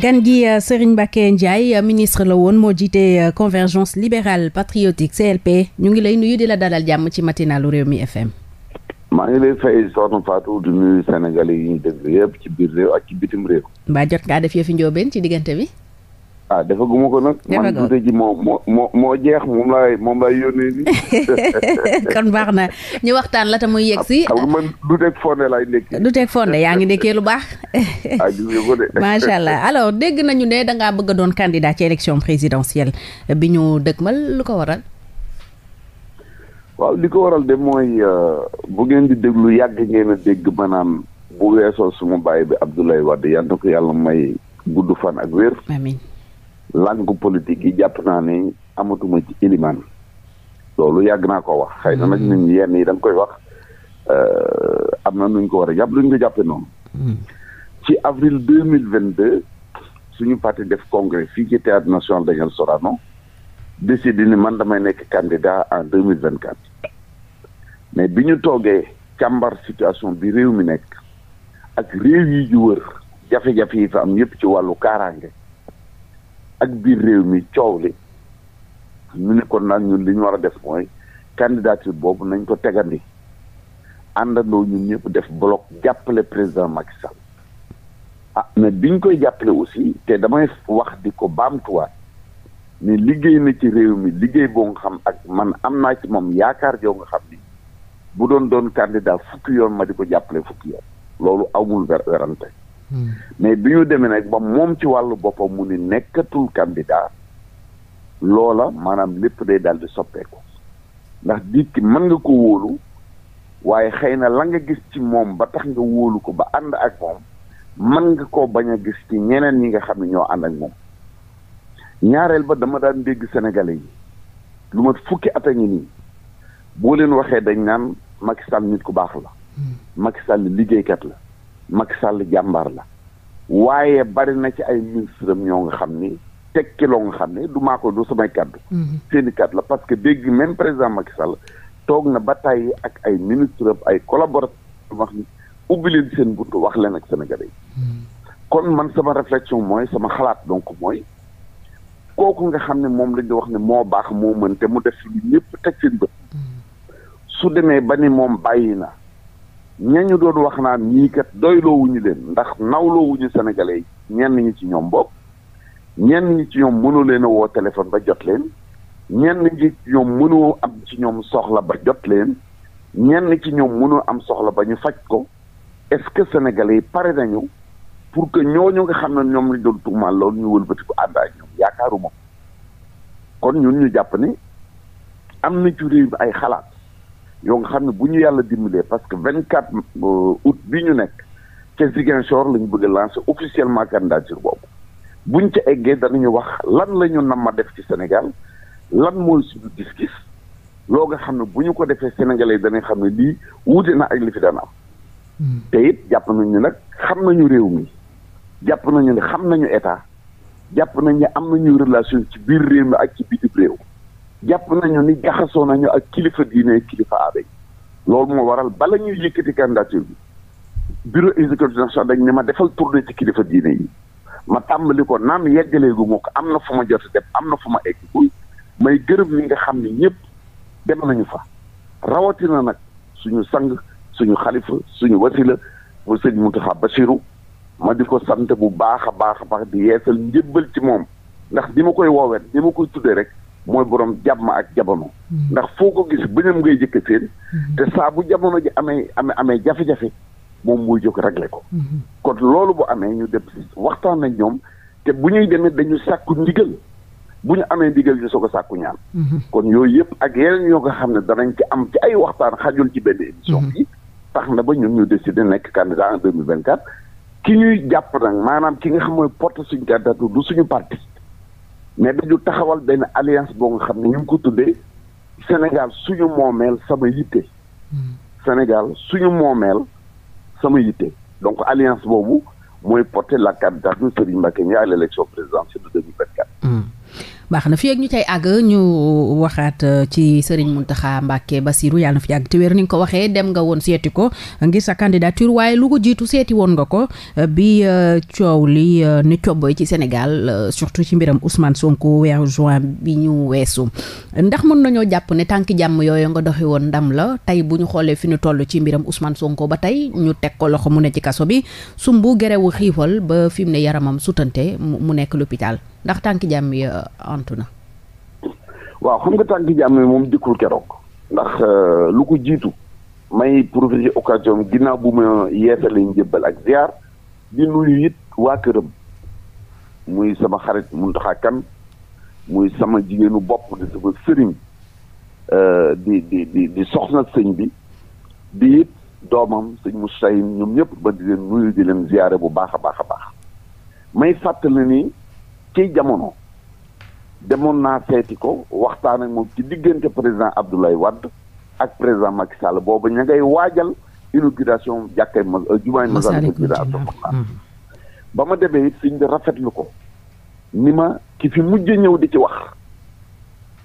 gan gi euh, Serigne Mbacké Ndiaye euh, ministre la woon moo jiite euh, convergence libérale patriotique CLP ñu ngi lay nuyu di la dalal jàmm ci matinalu Rewmi FM. maa ngi lay fay soxna Fatou di nuyu Sénégalais yi ñu déglu yëpp ci biir réew ak ci bitim réew. mbaa jot ngaa def yëfi njóobeen ci diggante bi. ah dafa guma ko nag. man dute ji moo moo moo jeex moom laay moom laay yónnee ni kon baax na ñu waxtaan la te muy yegg si. xam nga man duteeg fonde laay ndékki. duteeg fonde yaa ngi ndékkee lu baax. ah gis dégg nañu ne da bëgg a doon candidat ci élection présidentielle bi ñu dëgmal lu ko waral. waaw li ko waral de mooy euh, bu ngeen di déglu yàgg ngeen a dégg ma naan bu weesoo suma bàyyi bi Abdoulaye Wade yal na ko yàlla may gudd fan ak wér. langue politique yi jàpp naa ne amatuma ci ilimaan loolu yàgg naa ko wax xëy na nag nit ñi yenn dañ koy wax euh, am na nuñ ko war a jàpp luñ ko jàppe noonu hmm. ci avril deux mille vingt deux suñu parti def congrès fii ci théâtre national Daniel Sorano décidé ni man damay nekk candidat en deux mille vingt quatre mais bi ñu toogee càmbar situation bi réew mi nekk ak réew yi ju wër jafe-jafe yi fa am yépp ci wàllu kaaraange ak biir réew mi coow li ñu nekkoon kon nag ñun li ñu war a def mooy candidature boobu nañ ko tegandi àndandoo ñun ñëpp def bloc jàppale président Macky Sall ah mais biñ koy jàppale aussi te damay wax di ko baamtuwaat ni liggéey na ci réew mi liggéey boo nga xam ak man am naa ci moom yaakaar joo nga xam ni bu doon doon candidat fukki yoon ma di ko jàppale fukki yoon loolu amul werante Hmm. mais bi ñu demee nag ba moom ci wàllu boppam mu ni nekkatul candidat loola maanaam lépp day daal di soppeeku ndax diit ki mën nga ko wóolu waaye xëy na la nga gis ci moom ba tax nga wóolu ko ba ànd ak moom man nga ko bañ a gis ci ñeneen ñi nga xam ne ñoo ànd ak moom ñaareel ba dama daan dégg sénégalais yi lu mat fukki at nii boo leen waxee dañ naan Macky Sall nit ku baax la hmm. Macky Sall liggéeykat la Macky Sall jàmbaar la waaye bari na ci ay ministre ñoo nga xam ni teg kilo nga xam ne du maa ko du samay kàddu mhm. seeni kàddu la parce que dégg même président Macky Sall toog na ba tàyyi ak ay ministre am ay collaborateur wax ni ubbi leen seen buntu wax leen ak Sénégalais yi mhm. kon man sama réflexion mooy sama xalaat donc mooy kooku nga xam ne moom lañu wax ne moo baax moo mën te mu def lu ñëpp teg seen bët mhm. su demee ba ni moom bàyyi na ñu doon wax naan ñii kat doyloowuñu leen ndax nawloowuñu sénégalais yi ñenn ñi ci ñoom bopp ñenn ñi ci ñoom mënoo leen a woo téléphone ba jot leen ñenn ñi ci ñoom mënoo am ci ñoom soxla ba jot leen ñenn ci ñoom mënoo am soxla ba ñu faj ko est-ce que sénégalais yi pare nañu pour que ñooñu nga xam na ñoom lañ doon tuumaal loolu ñu wëlbati ko ànd ak ñoom yaakaaruma kon ñun ñu jàpp ni am na ci ay xalaat yoo nga xam ne bu ñu yàlla dimbalee parce que vingt quatre euh, août bi ñu nekk ca Ziguinchor la ñu bëgg a lancer officiellement candidature bu ñu ca eggee ñu wax lan la ñu nam ma def ci Sénégal lan mooy suñu gis-gis loo nga xam ne bu ñu ko defee sénégalais yi xam ne lii wuute na ak li fi daan am. Hmm. te it jàpp nañu nag xam nañu réew mi jàpp nañu ne xam nañu état jàpp nañu ne am nañu relation ci biir réew mi ak ci bitim réew. jàpp nañu ni jaxasoo nañu ak kilifa diine kilifa aada loolu moo waral bala ñuy yëkkati candidature bi bureau exécutif national dañ ne ma defal tournée ci kilifa diine yi ma tàmbali ko naan yeggaleegu ma ko am na fu ma jot a dem am na fu ma eggul may gërëm ñi nga xam ne ñëpp dem nañu fa rawatina nag suñu sang suñu xalifa suñu wasila bu sëñ Mountakha Bassirou ma di ko sant bu baax a baax a baax di yeesal njëbbal ci moom ndax ni ma koy woowee ni ma koy tuddee rek mooy borom jàmm ak jamono. Mm-hmm. ndax foo ko gis beneen ngay jëkk seen. Mm-hmm. te saa bu jamono ji amee amee amee jafe-jafe moom muy jóg réglé ko. Mm-hmm. kon loolu bu amee ñu dem waxtaan ak ñoom te bu ñuy demee dañu sàkku ndigal bu ñu amee ndigal ñu soog a sàkku ñaan. kon yooyu yëpp ak yeneen yoo nga xam ne danañ ci am ci ay waxtaan xajul ci benn émission bi. tax na ba ñun ñu décidé nekk candidat en deux mille vingt ki ñuy jàpp nag maanaam ki nga xam mooy porte suñu candidature du suñu parti. mais dañu taxawal benn alliance boo nga xam ne ñu ngi ko tuddee Sénégal suñu moomeel sama yitte. Hmm. Sénégal suñu moomeel sama yitte donc alliance boobu mooy porter la candidature Serigne Mbacké Ndiaye à l' élection présidentielle de 2024. baax na fii ñu cay àgg ñu waxaat euh, ci Serigne Mountakha Mbacké Bassirou yàlla na fi yàgg te wér ni nga ko waxee dem nga woon seeti ko ngir sa candidature waaye lu ko jiitu seeti woon nga ko euh, bi euh, coow li ni cobboy ci Sénégal surtout ci mbiram Ousmane Sonko weeru juin bi ñu weesu ndax mën nañoo jàpp ne tànk jàmm yooyu nga doxi woon ndam la tey bu ñu xoolee fi ñu toll ci mbiram Ousmane Sonko ba tey ñu teg ko loxo mu ne ci kaso bi sumbu gerewu xiifal ba fi mu ne yaramam sutante mu nekk l'hôpital ndax tànki jàmm yi euh, antu na. waaw xam nga tànki jàmm moom dikkul keroog. ndax euh, lu ko jiitu. may profité occasion ginnaaw bu ma lañ njëbbal ak ziar. di nuyu it waa këram. muy sama xarit Mountakha Kane muy sama jigéenu bopp di sama sëriñ euh, di di di di soxna sëñ bi di it doomam sëñ mu Moussa ñoom ñëpp ba di leen nuyu di leen ziare bu baax a baax a baax may fàttali nii ci jamono demoon naa seeti ko waxtaan ak moom ci diggante président Abdoulaye Wade ak président Macky Sall booba ña ngay waajal inauguration jàkkay ma euh, jumaay Massalikul Jinaan mm-hmm. ba ma demee it sëñ bi rafetlu ko ni ma ki fi mujj ñëw di ci wax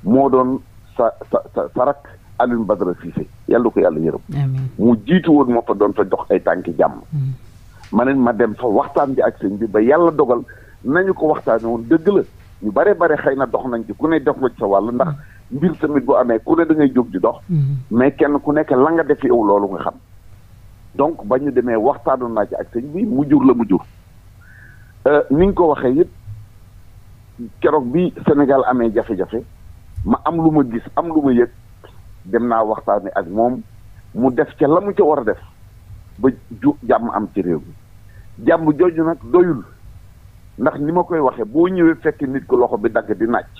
moo doon sa sa sa sarak Alioune Badara Cissé yàlla ko yàlla yërëm mu doon fa ay tànki jàmm mm-hmm. ma dem fa waxtaan bi ak sëñ bi ba yàlla dogal nañu ko waxtaanee woon dëgg la ñu bare bare xëy na dox nañ ci ku ne def nga ci wàll ndax mbir tamit bu amee ku ne ngay jóg di dox. Mm-hmm. mais kenn ku nekk la nga def yow loolu nga xam. donc ba ñu demee waxtaanu naa ci ak sëñ bi mu jur la mu jur. Euh, ni ñu ko waxee it keroog bi Sénégal amee jafe-jafe ma am lu ma gis am lu ma yëg dem naa waxtaan waxtaane ak moom mu def ca la mu ca war a def ba ju jàmm am ci réew mi jàmm jooju nag doyul. ndax ni ma koy waxee boo ñëwee fekk nit ko loxo bi dagg di nàcc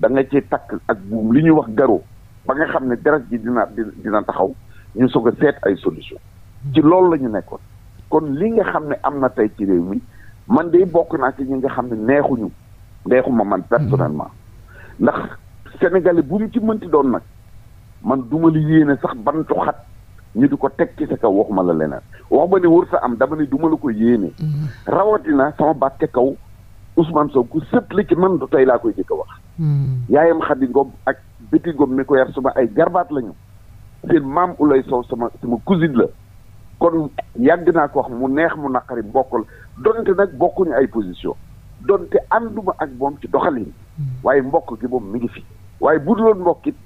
da nga ci takk ak buum li ñuy wax garoo ba nga xam ne deret ji dina dina taxaw ñu soog a seet ay solution ci loolu la ñu nekkoon kon li nga xam ne am na tey ci réew mi man de bokk naa ci ñi nga xam ne neexuñu neexuma man personnellement ndax sénégalais bu mu ci mënti doon nag man duma li yéene sax bantu xat ñu di ko teg ci sa kaw waxuma la leneen wax ni wër sa am dama ni duma la ko yéene. Mhm. rawatina sama baat ca kaw Ousmane Sonko sët li ci man du tey laa koy jëkk a wax. Mhm. yaayam Khady Ngom ak Betty Ngom mi ko yar suma ay garbaat lañu seen maam Ulay Sow sama suma cousine la kon yàgg naa ko wax mu neex mu naqari bokkal donte nag bokkuñu ay position donte ànduma ak moom ci doxalin mhm. waaye mbokk gi moom mu ngi fi waaye bu dul woon mbokk it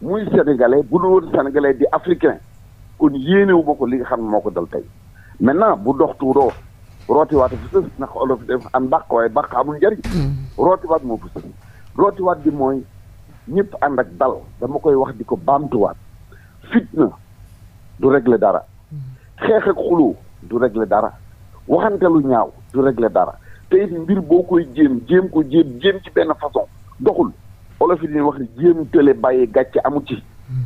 muy sénégalais bu dul woon di africain. kon yéenewu ma ko li nga xam ne moo ko dal tey maintenant bu dox tuuroo rootiwaat fu sës na ko olof def am bàq waaye bàq amul njëriñ mm-hmm. rootiwaat moo fu rootiwaat bi mooy ñëpp ànd ak dal dama koy wax di ko baamtuwaat fitna du régler dara mm-hmm. xeex ak xuloo du régler dara waxante lu ñaaw du régler dara te mbir boo koy jéem jéem ko jéem jéem ci benn façon doxul olof yi dañuy wax ni jéem tële bàyyi gàcce amu ci mm-hmm.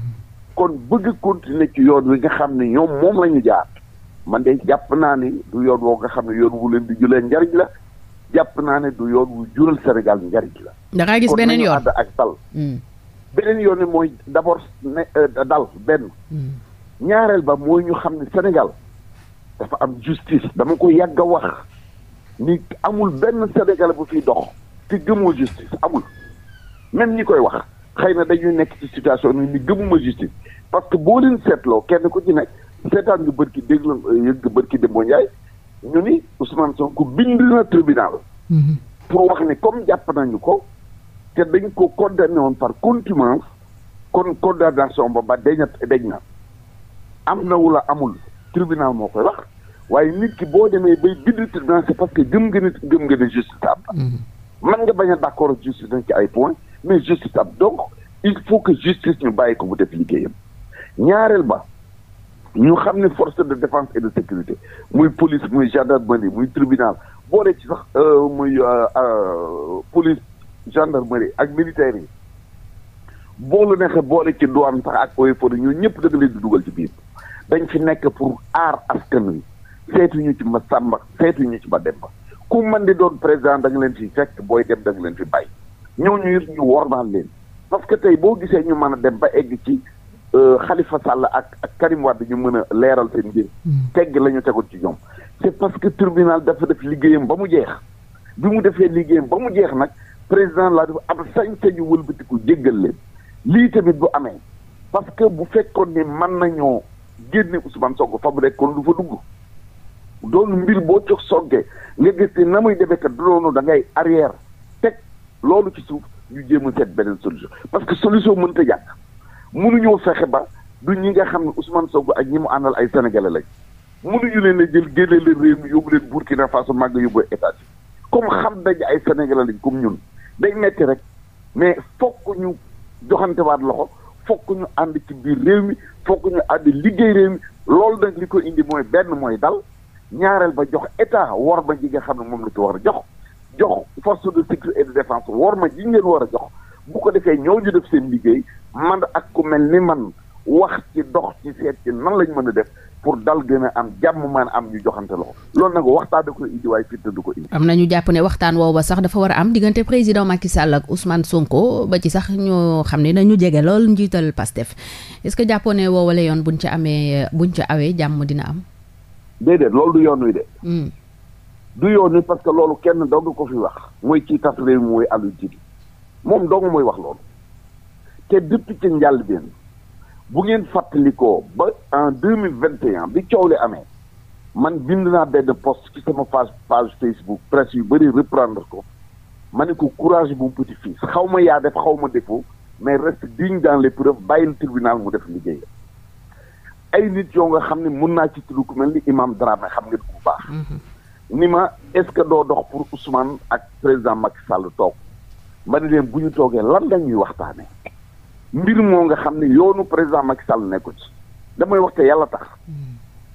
kon bëgg continuer ci yoon wi nga xam ne ñoom moom la ñu jaar man de jàpp naa ni du yoon woo nga xam ne yoon wu leen di julee njariñ la jàpp naa ne du yoon wu jural Sénégal njariñ la. da ngaa gis beneen yoon ànd ak dal. Hmm. yoon bi mooy d'abord ne euh, dal benn. Hmm. ñaareel ba mooy ñu xam ne Sénégal dafa am justice dama ko yàgg a wax ni amul benn Sénégal bu fiy dox te gëmoo justice amul même ñi koy wax. xëy na dañuy nekk ci situation ni ni gëmuma justice parce que boo leen seetloo kenn ku ci nekk seetaan ñu ki déglu yëg nga bërki de Ndiaye ñu ni Ousmane Sonko bind na tribunal mhm. pour wax ni comme jàpp nañu ko te dañ ko condamné woon par contumace kon condamnation ba ba dañ dañ na am na wala amul tribunal moo koy wax waaye nit ki boo demee bay bind tribunal c'est parce que gëm nga nit gëm nga ne justice am man mhm. nga bañ a d'accord justice nañ ci ay point mais justice ab donc il faut que justice ñu bàyyi ko mu def liggéeyam ñaareel ba ñu xam ne force de défense et de sécurité muy police muy gendarmerie muy tribunal boole ci sax euh, muy euh, euh, police gendarmerie ak militaire yi boolu nexe boole ci douane sax ak oo et forêts ñoo ñëpp dëgg di dugal ci biir dañ fi nekk pour aar askan wi ñu ci ma sàmba ñu ci ma demba ku man di doon président da leen fi fekk booy dem da nga leen fi bàyyi ñooñu it ñu wormaal leen parce que tey boo gisee ñu man a dem ba egg ci xalifa euh, Sall ak ak Karim Wade ñu mën a leeral seen mbir. Hmm. tegg la ñu tegoon ci ñoom. c' est parce que tribunal dafa def liggéeyam ba mu jeex bi mu defee liggéeyam ba mu jeex nag président laa def am sañ-sañu wëlbatiku jéggal leen lii tamit bu amee parce que bu fekkoon ni man nañoo génne Ousmane Sonko fa mu nekkoon du fa dugg. doon mbir boo cox sogge nga gis ne na muy demee kat du doonu da ngay arrière. loolu ci suuf ñu jéem a seet beneen solution parce que solution mënta yàq mënuñoo fexe ba du ñi nga xam ne Ousmane Sonko ak ñi mu àndal ay sénégalais lañ mënuñu leen a jël génne leen réew mi yóbbu leen Burkina Faso màgg yóbbu États-Unis comme xam dañ ay sénégalais lañ comme ñun day metti rek mais fokk ñu joxantewaat loxo fokk ñu ànd ci biir réew mi fokk ñu ànd liggéey réew mi loolu nag li ko indi mooy benn mooy dal ñaareel ba jox état war ba ji nga xam ne moom la ci war a jox. jox force de sécurité de défense war ma ji ngeen war a jox bu ko defee ñoo ñu def seen liggéey man ak ku mel ni man wax ci dox ci seet ci nan lañ mën a def pour dal gën a am jàmm man am ñu joxante loxo loolu nag waxtaan da koy am na jàpp ne waxtaan woowu sax dafa war a am diggante président Macky Sall ak Ousmane Sonko ba ci sax ñoo xam ne dañu jege lool njiital Pastef est-ce que jàppoo ne woowu la yoon buñ ci amee buñ ci awee jàmm dina am. déedéet loolu du yoon wi de. Hmm. du yoon parce que loolu kenn dong ko fi wax mooy ci tas réew mooy Aliou Djily moom dong mooy wax loolu te depuis ci njàlbéen bu ngeen fàttalikoo ba en deux mille vingt et un bi coow li amee man bind naa benn post ci sama page page Facebook presse yu bëri reprendre ko ma ne ko courage bu petit fils xaw ma yaa def xaw ma defoo mais reste digne dans l'épreuve bàyyil tribunal mu def liggéey ay nit yoo nga xam ne mun naa ci tudd mel ni imam Dramé xam ngeen ko baax. Mm-hmm. ni ma est-ce que doo dox pour Ousmane ak président Macky Sall toog ma ne leen bu ñu toogee lan la ñuy waxtaanee mbir moo nga xam ne yoonu président Macky Sall nekku ci damay waxte yàlla tax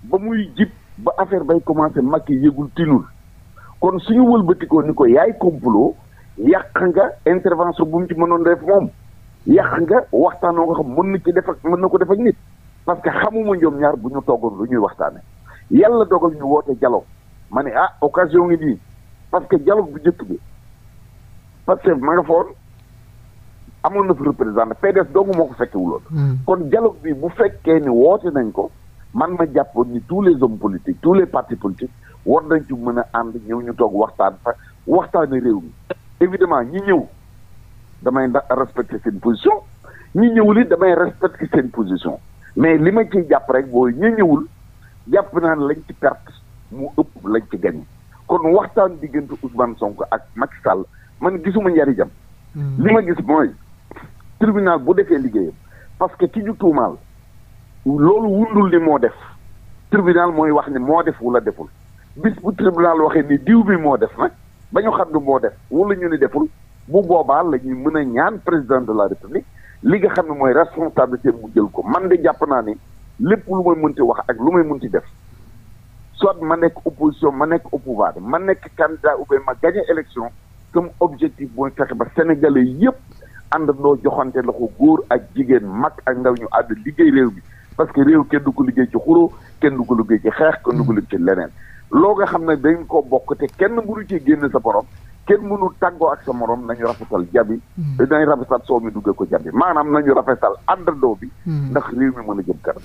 ba muy jib ba affaire bay commencé Macky yëgul tinul kon suñu wëlbatikoo ni ko yaay complot yàq nga intervention bu mu ci mënoon def moom yàq nga waxtaanoo nga xam mën na ci def mën na ko def ak nit parce que xamuma ñoom ñaar bu ñu toogoon lu ñuy waxtaane yàlla dogal ñu woote dialogue ma ne ah occasion ngi nii parce que dialogue bu njëkk bi Pastef ma nga foon amoon na fi représentant PDS dong moo ko fekkewuloon hmm. kon dialogue bi bu fekkee ni woote nañ ko man ma jàppoon ni tous les hommes politiques tous les partis politiques war nañ ci mën a ànd ñëw ñu toog waxtaan fa waxtaane réew mi évidemment ñi ñëw damay respecter seen position ñi ñëwul it damay respecter seen position mais li ma ciy jàpp rek booy ñu ñëwul jàpp naa ne lañ ci perte mu ëpp lañ ci gagné kon waxtaan diggante Ousmane Sonko ak Macky Sall man gisuma njariñam. Hmm. li ma gis mooy tribunal bu defee liggéeyam parce que ki ñu tuumaal loolu wundul ni moo def tribunal mooy wax ni moo def wala deful bis bu tribunal waxee ni diw bi moo def nag ba ñu xam ne moo def wala ñu ni deful bu boobaa la ñuy mën a ñaan président de la république li nga xam ne mooy responsabilité mu jël ko man di jàpp naa ni lépp lu may mënti wax ak lu may mënti def soit ma nekk opposition ma nekk au pouvoir ma nekk candidat ou bien ma gagné élection sama objectif mooy fexe ba sénégalais yépp àndandoo joxante loxo góor ak jigéen mag ak ndaw ñu àdd liggéey réew bi parce que réew kenn du ko liggéey ci xuloo kenn du ko liggéey ci xeex kenn ko mm. liggéey ci leneen loo nga xam ne dañ ko bokk te kenn mënu ci génn sa borom kenn mënul tàggoo ak sa morom nañu rafetal jabi hmm. nañu rafetal soo mi duggee ko jabi maanaam nañu rafetal àndandoo bi hmm. ndax réew mi mën a jëm kanam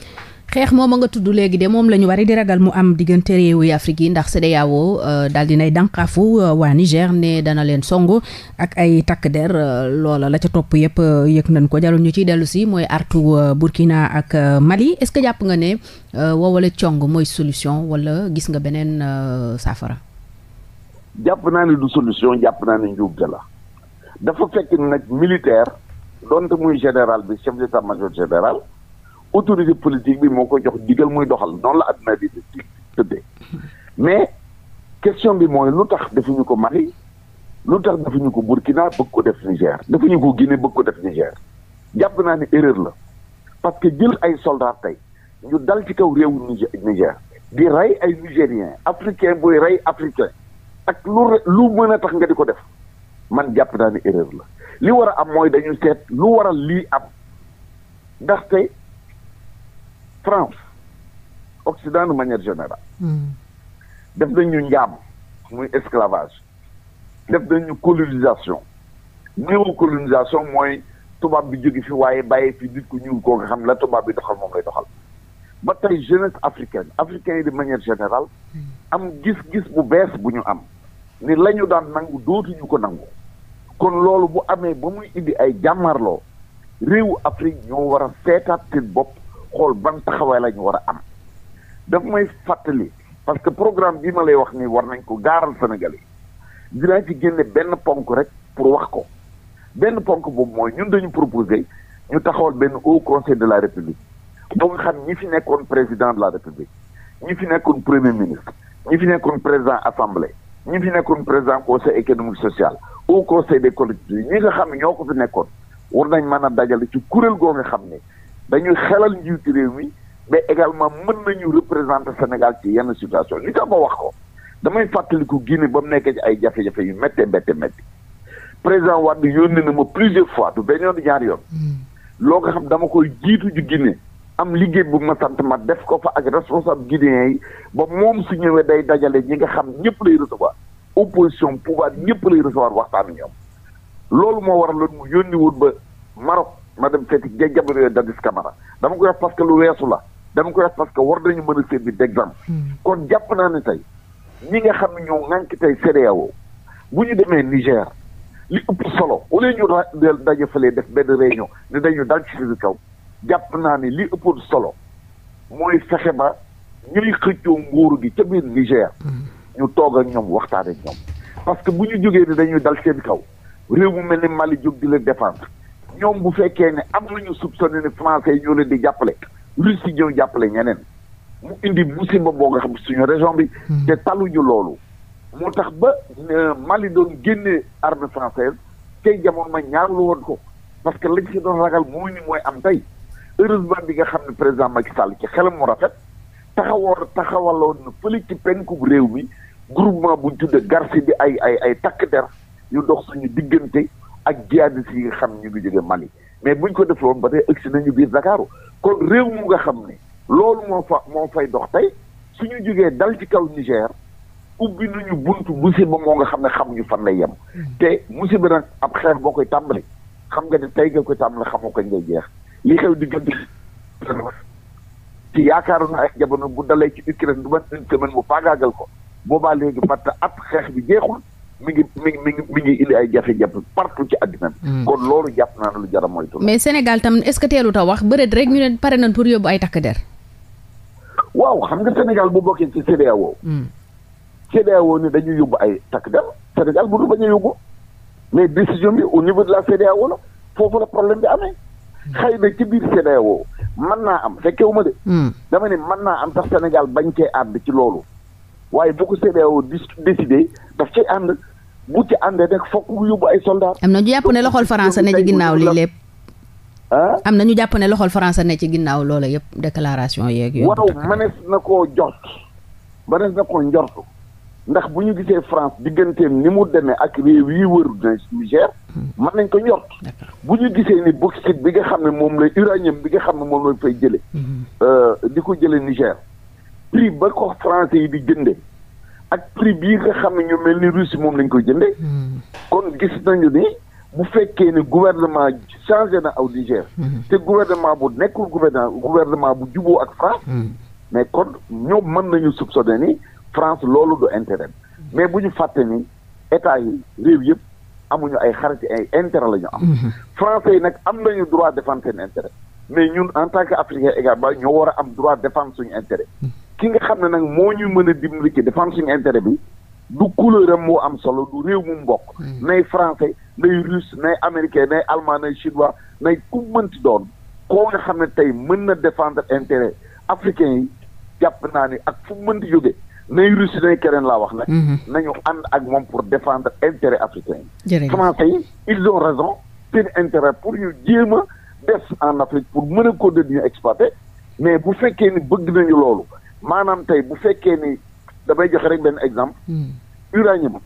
xeex moom a nga tudd léegi de moom la ñu wari di ragal mu am diggante réewu yi Afrique yi ndax CEDEAO euh, daal dinay dànqaafu euh, waa Niger ne dana leen song ak ay takk der euh, loola la ca topp yëpp yëg nañ ko jarul ñu ciy dellu si mooy artu Burkina ak Mali est-ce que jàpp nga ne woowale cong mooy solution walla gis nga beneen saafara jàpp naa ne du solution jàpp naa ne njuumte la dafa fekk nag militaire donte muy général bi chef d'état-major général autorité politique bi moo ko jox digal muy doxal noonu la adduna di tëddee mais question bi mooy lu tax defuñu ko Mali lu tax defuñu ko Burkina bëgg ko def Niger defuñu ko Guinée bëgg ko def Niger jàpp naa ne erreur la parce que jël ay soldats tey ñu dal ci kaw réewu Niger di rey ay nigérien africain buy rey africain ak lu lu mën a tax nga di ko def man jàpp naa ni erreur la li war a am mooy dañu seet lu waral lii am ndaxte France Occident de manière générale hmm. def nañu njaam muy esclavage def nañu colonisation néo colonisation mooy tubaab bi jóge fi waaye bàyyi fi nit ku ñuul koo xam la tubaab bi doxal moom lay doxal ba tey jeunesse africaine africain yi de manière générale hmm. am gis-gis bu bees bu ñu am ni la ñu daan nangu dootuñu ko nangu kon loolu bu amee ba muy indi ay jàmmarloo réewu Afrique ñoo war a seetaat seen bopp xool ban taxawaay la ñu war a am daf may fàttali parce que programme bi ma lay wax nii war nañ ko gaaral Sénégal yi dinaa ci génne benn ponk rek pour wax ko benn ponk boobu mooy ñun dañu proposé ñu taxawal benn haut conseil de la république boo nga xam ñi fi nekkoon président de la république ñi fi nekkoon premier ministre ñi fi nekkoon président assemblée ñi fi nekkoon président conseil économique social au conseil des collectivités ñi nga xam ne ñoo ko fi nekkoon war nañ man a dajale ci kuréel goo nga xam ne dañuy xelal njiitu réew mi mais également mën nañu représenter Sénégal ci yenn situation li tax ma wax ko damay fàttaliku Guinée ba mu nekkee ci ay jafe-jafe yu méttee méttee métti président yoon yónnee na ma plusieurs fois du benn yoon ñaar yoon hmm. loo nga xam dama koy jiitu ju Guinée am liggéey bu ma sant ma def ko fa ak responsable guinéen yi ba moom su ñëwee day dajale ñi nga xam ñëpp lay recevoir opposition pouvoir ñëpp lay recevoir waxtaan ñoom loolu moo waral waraloon mu yónni wut ba Maroc ma dem seeti ja jabar yooyu Dadis Camara dama koy wax parce que lu weesu la dama koy wax parce que war nañu mën a servir d'exemple hmm. kon jàpp naa ne tey ñi nga xam ne ñoo ŋànk tey CEDEAO bu ñu demee Niger li ëpp solo au lieu ñu daje falee def benn réunion dal ci suñu jàpp naa ne lii ëppoon solo mooy fexe ba ñuy xëccoo nguur gi ca biir Niger. Mm-hmm. ñu toog ak ñoom waxtaan ak ñoom. parce que bu ñu jógee ni dañuy dal seen kaw réew mu mel ni Mali jóg di leen défendre ñoom bu fekkee ne am nañu soupçonné ne français yi ñoo leen di jàppale Russie ñoo jàppale ñeneen mu indi musiba boo nga xam suñu région bi. Mm-hmm. te taluñu loolu. moo tax ba euh, Mali doon génne armée française tey jamono ma ñaar ñaarlu woon ko parce que lañ si doon ragal mooy ni mooy am tey. heureusement bi nga xam ne président Macky Sall ci xelam mu rafet taxawoon taxawaloon na fële ci penkub réew mi groupement buñ tudde garci bi ay ay ay takk der yu dox suñu diggante ak jihadistes si nga xam ne ñu ngi jóge Mali mais buñ ko defoon ba tey ëgsi nañu biir Dakar kon réew mu nga xam ne loolu moo fa moo fay dox tey suñu jógee dal ci kaw Niger ubbi nañu buntu musiba moo nga xam ne xamuñu fan lay yem mm. te musiba nag ab xeex boo koy tàmbali xam nga ne tey nga koy tàmbali xamoo ko ngay jeex li xew diggante ci yaakaaroon na ay jamono bu dalee ci Ukraine du mat une semaine mu faagaagal ko boobaa léegi parce que ab xeex bi jeexul mi ngi mi mi ngi mi ngi ay jafe-jafe partout ci àddina bi. Hmm. kon loolu jàpp naa lu jara moytu. mais Sénégal tam est-ce que teelut a wax bëreet rek ñu ne pare nañ pour yóbbu ay takk der. waaw xam nga Sénégal bu bokkee ci CEDEAO. Hmm. CEDEAO ay takk der Sénégal bu dul bañ a yóbbu mais décision bi au niveau de la CEDEAO la foofu la problème bi amee. xëy na ci biir CEDEAO man naa am fekkewu ma de. Hmm. dama ne mën naa am tax Sénégal bañ cee ànd ci loolu waaye bu ko CEDEAO di décidé daf cay ànd bu ci àndee rek fokk yóbbu ay soldats. am na ñu jàpp ne loxol France ne ci ginnaaw li lépp. Ah? am na ñu jàpp ne loxol France ne ci ginnaaw loola yëpp déclaration yeeg yooyu. waaw mënees na koo jot mënees na koo njort. ndax bu ñu gisee France digganteem ni mu demee ak réew yi wër Niger mën nañ ko ñor bu ñu gisee ni bauxite bi nga xam ne moom la uranium bi nga xam ne moom lañ fay jële mhm. euh, di ko jële Niger prix ba ko français yi di jënde ak prix bii nga xam ne ñu mel ni Russie moom lañ koy jënde mhm. kon gis nañu ni bu fekkee ne gouvernement changé na aw Niger mhm. te gouvernement bu nekkul gouvernement gouvernement bu juboo ak France mais kon ñoom mën nañu soupçonné ni France loolu du intérêt mais bu ñu fàtte ni état yi réew yëpp amuñu ay xarit ay intérêt la ñu am. Mhm. français yi nag am nañu droit défendre seen mais ñun en tant que africain également ñoo war a am droit défendre suñu intérêt. Mhm. ki nga xam ne nag moo ñu mën a dimbali ci défendre suñu intérêt bi du couleur am moo am solo du réew mu mbokk. Mhm. nay français nay russe nay américain nay allemand nay chinois nay ku mënti doon koo nga xam ne tey mën na défendre intérêt africain yi jàpp naa ni ak fu mënti jóge nay Russie nay keneen laa wax na mhm. nañu ànd ak moom pour défendre intérêt africain yi. français yi ils ont raison seen intérêt pour ñu jéem a def en Afrique pour mën a ko ñu exploiter mais bu fekkee ni bëgg nañu loolu maanaam tey bu fekkee ni damay joxe rek benn exemple. Mhm. uranium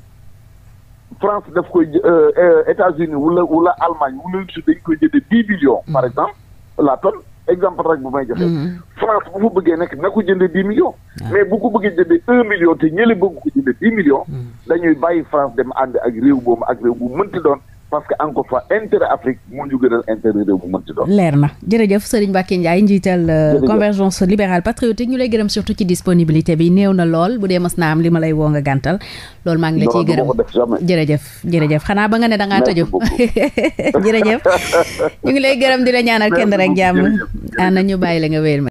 France daf koy euh, euh, États-Unis wala wala Allemagne wala Russie dañ koy jëndee dix millions. par mhm. exemple la tonne. exemple rek bu may joxe. Mm-hmm. France bu fa bëggee nekk na ko jëndee dix millions. Ah. mais bu ko bëggee jëndee un million te ñële bëgg ko jëndee dix millions. Mm. dañuy bàyyi France dem ànd ak réew boobu ak bu mënti doon. parce que encore fois intérêt Afrique moo ñu gënal intérêt réew bu mën ci doon. leer na jërëjëf Serigne Mbacké Ndiaye njiital. Euh, convergence libérale patriotique ñu lay gërëm surtout ci disponibilité bi néew na lool bu dee mës naa am li ma lay woo nga gàntal. loolu maa ngi la ciy gërëm jërëjëf jërëjëf xanaa ba nga ne da ngaa tëju. jërëjëf ñu ngi lay gërëm di la ñaanal kenn rek jàmm. ana ñu bàyyi la nga wéyal ma.